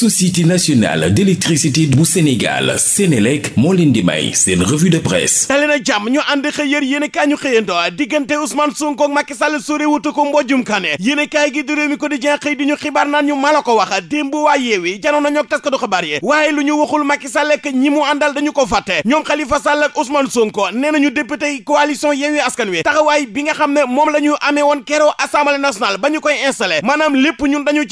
société nationale d'électricité bu Sénégal Sénélec moo leen di may seen revue de presse tali na jàmm ñu ànd xëy yér yéen i kaay ñu xëyandoo diggante Ousmane Sonko ak Macky Sall sore wutu ko mbojjum kane yéen i kaay gi di réew mi di ñu xibaar naan ñu mala ko wax démb waa yeewi janoon nañu ak tas ko du xibaar waaye lu ñu waxul Macky Sall ak ñi mu dañu ko fàtte ñoom Khalifa Sall la ñu amee woon keroo ñu koy installé maanaam lépp ñun dañu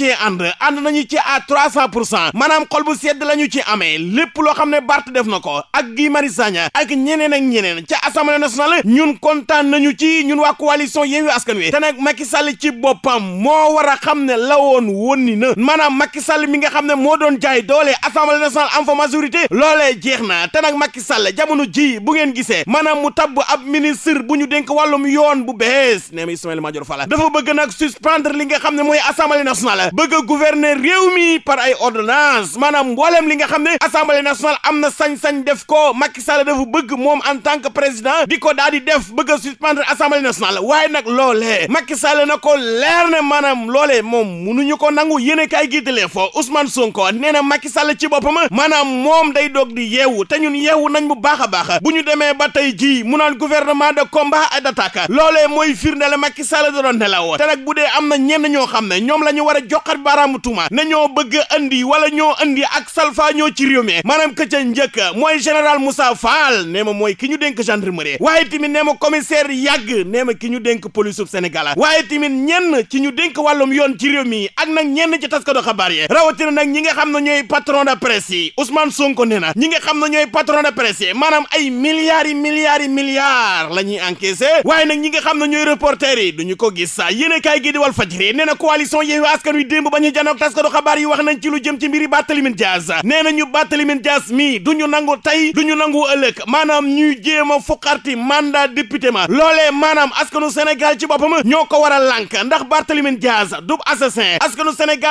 pour cent maanaam xol bu sedd la ñu ci amee lépp loo xam ne Bart def na ko ak Guy Marius Sagna ak ñeneen ak ñeneen ca assemblée nationale ñun kontaan nañu ci ñun waa coalition Yewwi Askan Wi te nag Macky ci boppam moo war a xam ne la woon woon ni na maanaam Macky Sall mi nga xam ne moo doon jaay doole assemblée nationale am fa majorité loolee jeex na te nag Macky Sall jamono ji bu ngeen gisee maanaam mu tabb ab ministre bu ñu dénk wàllum yoon bu bees nee ma Ismaïla Madior Fall dafa bëgg nag li xam ne mooy assemblée nationale a ordonnance maanaam mbooleem li nga xam ne assemblée nationale am na sañ-sañ def ko Macky Sall dafa bëgg moom en tant que président di ko def bëgg a suspendre assemblée nationale waaye nag loolee Macky Sall na ko leer ne maanaam moom munuñu ko nangu yéen a kaay gi fo Ousmane Sonko nee na Macky Sall ci boppam maanaam moom day doog di yeewu te ñun yeewu nañ bu baax a baax bu ñu demee ba tey jii mu naan gouvernement de combat a d'attaque loolee mooy firndeel Macky Sall da doon nelaw te nag bu dee am na a andi ñoo andi ak salfa ñoo ci réew mi maanaam njëkk mooy général Moussa Fall nee ma mooy ki ñu dénk gendarmerie waaye tamit nee ma commissaire yàgg nee ma ki ñu waaye tamit ñenn ci ñu dénk wàllum yoon ci ak nag ñenn ci taskatu xabaar yi rawatina nag ñi nga xam ne ñooy patron de presse yi Ousmane Sonko nee na ñi nga xam ne ñooy ay milliards yi milliards yi milliards la ñuy waaye nag ñi nga xam ne ñooy reporters ko gis yéen a kaay gi di jëm ci mbiri Barthélémy Dias ñu Barthélémy Dias mii du ñu nangu tey du ñu nangu maanaam a fuqarti mandat député ma loolee maanaam askanu Sénégal ci ko war a lànk ndax Barthélémy Dias du assassin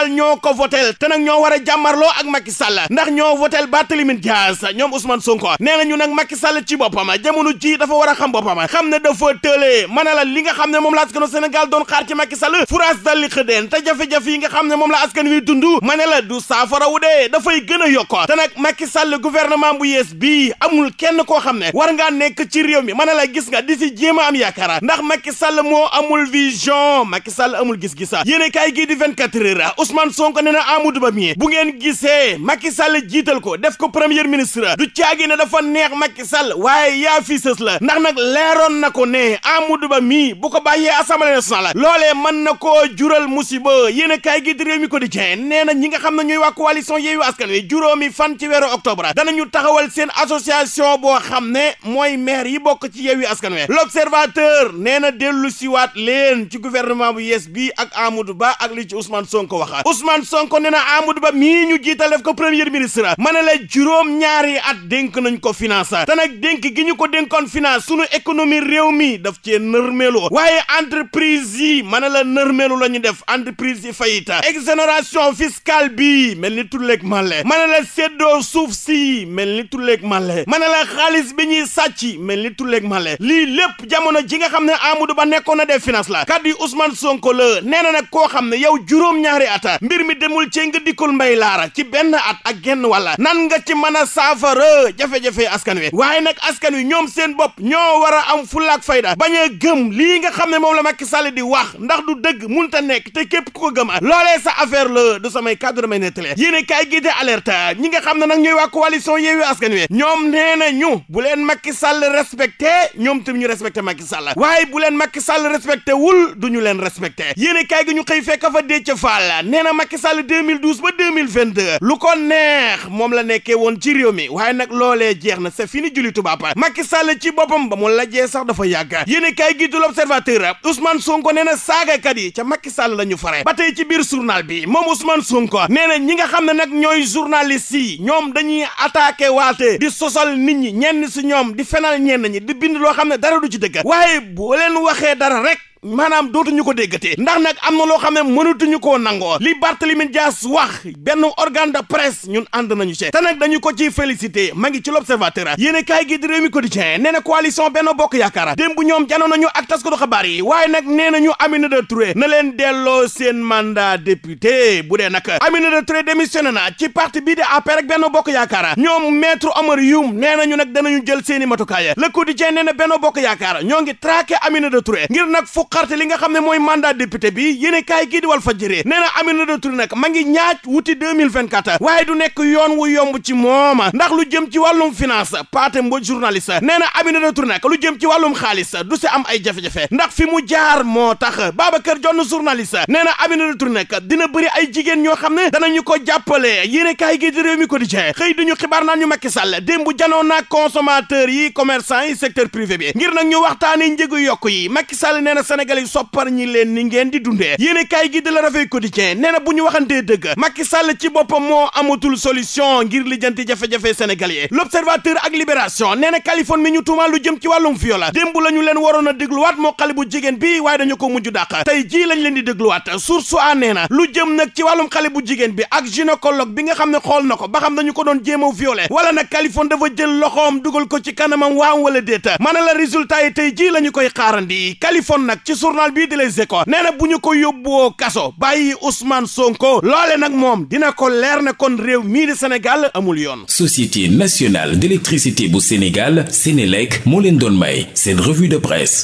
ñoo ko votel te nag ñoo a jàmmarloo ak Macky Sall ndax ñoo votel Barthélémy Dias ñoom Ousmane Sonko nee na ñu nag Macky Sall ci boppam jamono ji dafa war a xam boppam xam ne dafa tëlee mën la li nga xam ne moom la askanu Sénégal doon xaar ci Macky Sall furaas dal li xëdeen yi nga xam ne moom la askan wi dund mën du saafarawu de dafay gën a yokko a nag Macky Sall gouvernement bu yees bii amul kenn koo xam ne war ngaa nekk ci réew mi mën a gis nga di si jéem a am yaakaara ah. ndax Macky Sall moo amul vision Macky Sall amul gis-gisa yéene kaay gii di 24 heures ah. Ousmane Sonko nee na Amadou Ba mi bu ngeen gisee Macky Sall jiital ko def ko premier ministre ah. du caagi ne dafa neex Macky waaye yaa fii la ndax nag leeroon na ko ne Amadou Ba mi bu ko bàyyee assemblée nationale loolee mën na koo jural musiba yéene ñuy waa coalition Yewwi Askan Wi juróomi fan ci weeru octobre danañu taxawal seen association boo xam ne mooy maire yi bokk ci Yewwi Askan Wi l'observateur nee na dellu siwaat leen ci gouvernement bu yees bi ak Amadou Ba ak li ci Ousmane Sonko wax Ousmane Sonko nee na Amadou Ba mii ñu jiital def ko premier ministre ma ne la juróom ñaari at dénk nañ ko finance te nag dénk gi ñu ko dénkoon finance sunu économie réew mi def daf cee nërmeelu waaye entreprise yi ma ne la nërmeelu la ñu def entreprise yi fayita exonération fiscale bi si mel ni tulleeg màlle ma ne la séddoo suuf si mel ni tulleeg màlle ma ne la xaalis bi ñuy sàcc mel ni tulleeg malle lii lépp jamono ji nga xam ne Amadou Ba nekkoon na def finance la kaddu yi Ousmane Sonko la nee na na koo xam ne yow juróom-ñaari ata mbir mi demul cee nga dikkul mbay laara ci benn at ak genn walla nan nga ci mën a saafara jafe-jafe askan wi waaye nag askan wi ñoom seen bopp ñoo war a am fulaak fayda bañ a gëm lii nga xam ne moom la Macky Sall di wax ndax du dëgg munta nekk te ko nettali yéen kaay gi de alerte ñi nga xam ne nag ñooy waa coalition Yewwi Askan Wi ñoom nee na ñu bu leen Macky ñoom tam ñu respecté Macky Sall waaye bu leen Macky Sall respecté wul du ñu leen respecté yéen kaay gi ñu xëy fekk a fa Déthié Fall nee na Macky Sall 2012 ba 2022 lu ko neex moom la nekkee woon ci réew mi waaye nag loolee jeex na c'est fini julli tubaab Macky Sall ci boppam ba mu lajjee sax dafa yàgg yéen kaay gi du l'Observateur Ousmane Sonko nee na saagakat yi ca Macky Sall la ñu fare ba tey ci biir journal bi moom Ousmane Sonko nee na ñi nga xam ne nag ñooy journalistes yi ñoom dañuy attaqué waate di sosal nit ñi ñenn si ñoom di fenal ñenn ñi di bind loo xam ne dara du ci dëgg waaye boo leen waxee dara rek maanaam dootuñu ko déggatee ndax nag am na loo xam ne mënatuñu koo nangoo li Barthélemy Dias wax benn organe de presse ñun ànd nañu ci te nag dañu ko ciy félicité ma ngi ci l'observateur ah yéen a kaay gi di Rewmi Quotidien nee na coalition Benno Bokk Yaakaar démb ñoom janoon nañu ak taskatu xabaar yi waaye nag nee nañu Aminata Touré na leen delloo seen mandat député bu dee nag Aminata Touré démissionné na ci parti bii di APR Bokk Yaakaar ah ñoom maître Omar Youm fuqarte li nga xam ne mooy mandat député bi yéene kaay gii di Walf Fadjri nee na Aminata Touré nag ma ngi ñaaj wuti 2024 waaye du nekk yoon wu yomb ci mooma ndax lu jëm ci wàllum finance Pathé Mbodj journaliste nee na Aminata Touré nag lu jëm ci wàllum xaalis du si am ay jafe-jafe ndax fi mu jaar moo tax Babacar Jonn journaliste nee na Aminata Touré nag dina bëri ay jigéen ñoo xam ne ñu ko jàppale yéene kaay gii di réew mi quotidien xëy duñu xibaar naan ñu Macky Sall démb janoo naa consommateur yi commerçant yi secteur privé bi ngir nag ñu waxtaane njëgu yokk yi Macky Sall nee na Sénégal yi soppar ñi leen ni ngeen di dundee yéen kaay gi de la rafet quotidien nee na bu ñu waxantee dëgg Macky Sall ci boppam moo amatul solution ngir lijjanti jafe-jafe Sénégal yi l'observateur ak libération nee na Californie mi ñu tuumaa lu jëm ci wàllum viola démb la ñu leen waroon a dégluwaat moo xale bu jigéen bi waaye dañu ko mujj dàq tey jii lañ leen di dégluwaat source a nee na lu jëm nag ci wàllum xale bu jigéen bi ak gynécologue bi nga xam ne xool na ko ba xam dañu ko doon jéem a wala nag Californie dafa jël loxoom dugal ko ci kanamam waam wala déeta maana la résultat yi tey jii la koy xaarandi Californie nag ci journal bii di Les Échos nee na bu ñu ko yóbbuwoo kaso bàyyi Ousmane Sonko loole nag moom dina ko leer na kon réew mii di Sénégal amul yoon. Société nationale d'électricité bu Sénégal Sénélec moo leen doon may seen revue de presse.